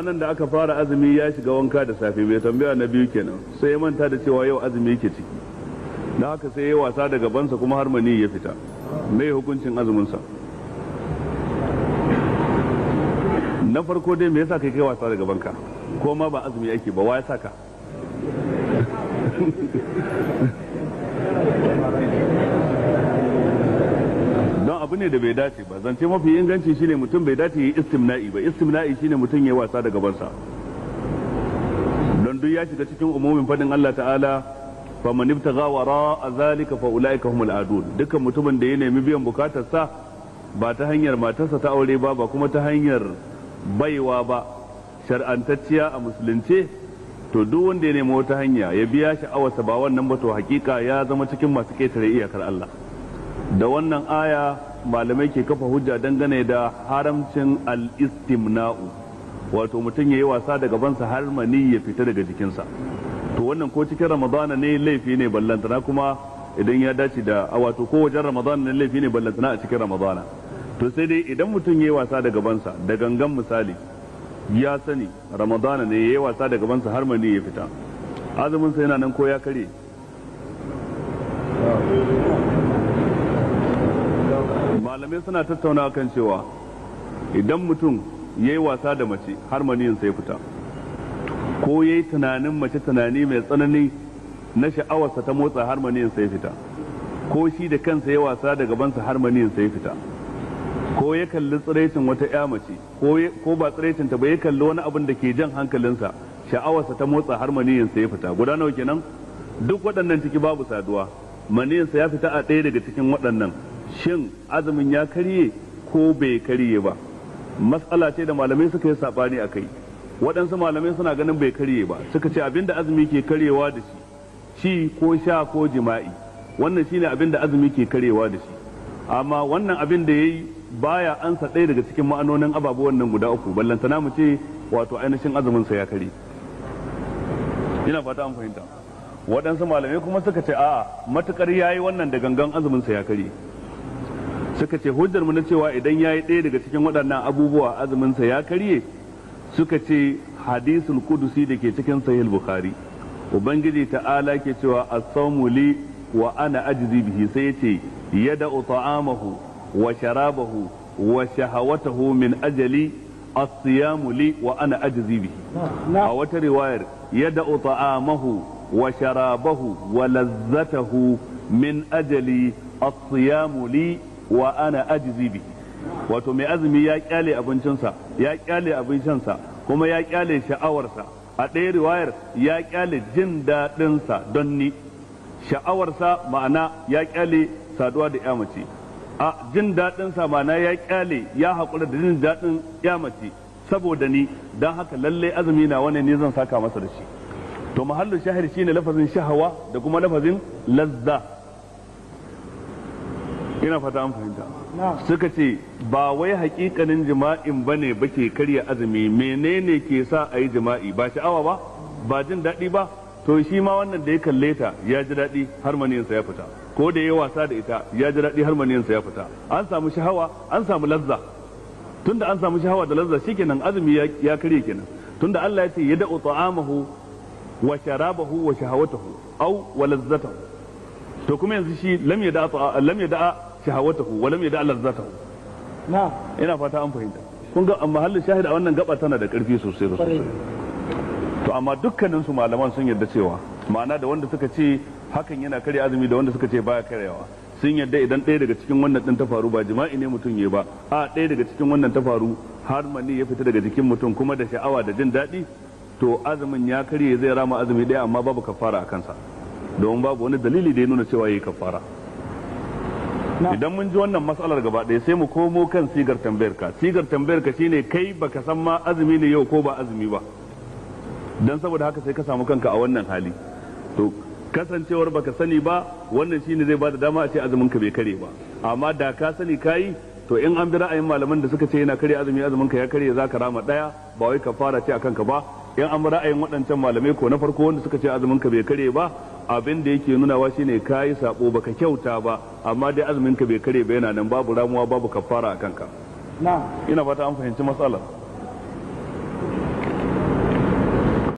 ranar da aka fara azumi ya shiga wanka da safe mai tambaya na biyu kenan sai ya manta da cewa yau azumi yake ciki da haka sai ya wasa da gabansa kuma har mani ya fita mai hukuncin azuminsa na farko dai me yasa ka kai wasa da gabanka ko ma ba azumi ake ba wa ya saka abu ne da bai dace ba zance mafi inganci shine mutum bai dace yi istimna'i ba istimna'i shine mutum ya wasa da gabansa don duk ya shiga cikin umumin fadin Allah ta'ala fa man ibtaga wara azalika fa ulaika humul adun dukkan mutumin da ya nemi biyan sa ba ta hanyar matarsa ta aure ba ba kuma ta hanyar baiwa ba shar'antacciya a musulunce to duk wanda ya nemi wata hanya ya biya shi sha'awarsa ba wannan ba to hakika ya zama cikin masu ketare iyakar Allah da wannan aya malamai ke kafa hujja dangane da haramcin al-istimna'u wato mutum ya yi wasa da gabansa har mani ya fita daga jikinsa to wannan ko cikin ramadana ne laifi ne ballantana kuma idan ya dace da wato ko wajen ramadana ne laifi ne ballantana a cikin ramadana to sai dai idan mutum ya yi wasa da gabansa da gangan misali ya sani ramadana ne ya yi wasa da gabansa har mani ya fita azumin sa yana nan ko ya kare malamai suna tattauna kan cewa idan mutum ya yi wasa da mace har maniyin sai fita ko ya yi tunanin mace tunani mai tsanani na sha'awarsa ta motsa har maniyin sai fita ko shi da kansa ya wasa da gabansa har maniyin sai fita ko ya kalli tsiraicin wata ya mace ko ba tsiraicin ta ba ya kalli wani abin da ke jan hankalinsa sha'awarsa ta motsa har maniyin sai fita guda nawa kenan duk waɗannan ciki babu saduwa maniyin ya fita a ɗaya daga cikin waɗannan shin azumin ya karye ko bai karye ba matsala ce da malamai suka yi sabani a kai waɗansu malamai suna ganin bai karye ba suka ce abinda azumi ke karyewa da shi shi ko sha ko jima'i wannan shine abinda azumi ke karyewa da shi amma wannan abin da yayi baya ansa ɗaya daga cikin ma'anonin ababuwan nan guda uku ballantana mu ce wato ainihin azumin sa ya kare ina fata an fahimta waɗansu malamai kuma suka ce a'a matukar yayi wannan da gangan azumin sa ya kare suka ce hujjar mu na cewa idan ya yi ɗaya daga cikin waɗannan abubuwa azuminsa ya karye suka ce hadisul kudusi da ke cikin sahih bukhari ubangiji ta'ala ke cewa as-sawmu li wa ana ajzi bihi sai ya ce yada ta'amahu wa sharabahu wa shahawatahu min ajali as-siyamu li wa ana ajzi bihi a wata riwayar yada ta'amahu wa sharabahu wa lazzatahu min ajali as-siyamu li wa ana ajzi bi wato mai azumi ya kyale abincinsa ya kyale abincinsa kuma ya kyale sha'awarsa a ɗaya riwayar ya kyale jin daɗinsa don ni sha'awarsa ma'ana ya kyale saduwa da ya mace a jin daɗinsa ma'ana ya kyale ya haƙura da jin daɗin ya mace saboda ni don haka lalle azumi na wani ne zan saka masa da shi to mahallu shahir shine lafazin shahawa da kuma lafazin lazza ina fata an fahimta suka ce ba wai hakikanin jima'in ne ba ke karya azumi menene ke sa a yi jima'i ba sha'awa ba ba jin daɗi ba to shi ma wannan da ya kalle ta ya ji daɗi har maniyansa ya fita ko da ya wasa da ita ya ji daɗi har maniyansa ya fita an samu shahawa an samu lazza tunda an samu shahawa da lazza shikenan azumi ya karye kenan tunda Allah ya ce ya da'u ta'amahu wa sharabahu wa shahawatahu aw wa lazzatahu to kuma yanzu shi lam yada'a lam yada'a shahawatahu wa lam yada Allah na ina fata an fahimta kun ga amma halin shahid a wannan gaba tana da karfi sosai da sosai to amma dukkanin su malaman sun yarda cewa ma'ana da wanda suka ce hakan yana karya azumi da wanda suka ce baya karewa sun yarda idan ɗaya daga cikin wannan ɗin ta faru ba jima'i ne mutum ya ba a ɗaya daga cikin wannan ta faru har mani ya fita daga jikin mutum kuma da sha'awa da jin daɗi to azumin ya karye zai rama azumi ɗaya amma babu kafara a kansa domin babu wani dalili da ya nuna cewa yayi kafara idan mun ji wannan matsalar gaba ɗaya sai mu komo kan sigar tambayar ka sigar tambayar ka shine kai baka san ma azumi ne yau ko ba azumi ba dan saboda haka sai ka samu kanka a wannan hali to kasancewar baka sani ba wannan shine zai bada dama a ce azumin ka bai kare ba amma da ka sani kayi to in an bi ra'ayin malaman da suka ce yana kare azumi azumin ka ya kare za ka rama ɗaya ba wai ka fara ce akan ka ba in an bi ra'ayin waɗancan malamai ko na farko wanda suka ce azumin ka bai kare ba abin da yake nunawa shine kayi sabo baka kyauta ba amma dai azumin ka bai kare ba yana nan babu ramuwa babu kafara a kanka ina fata an fahimci matsalar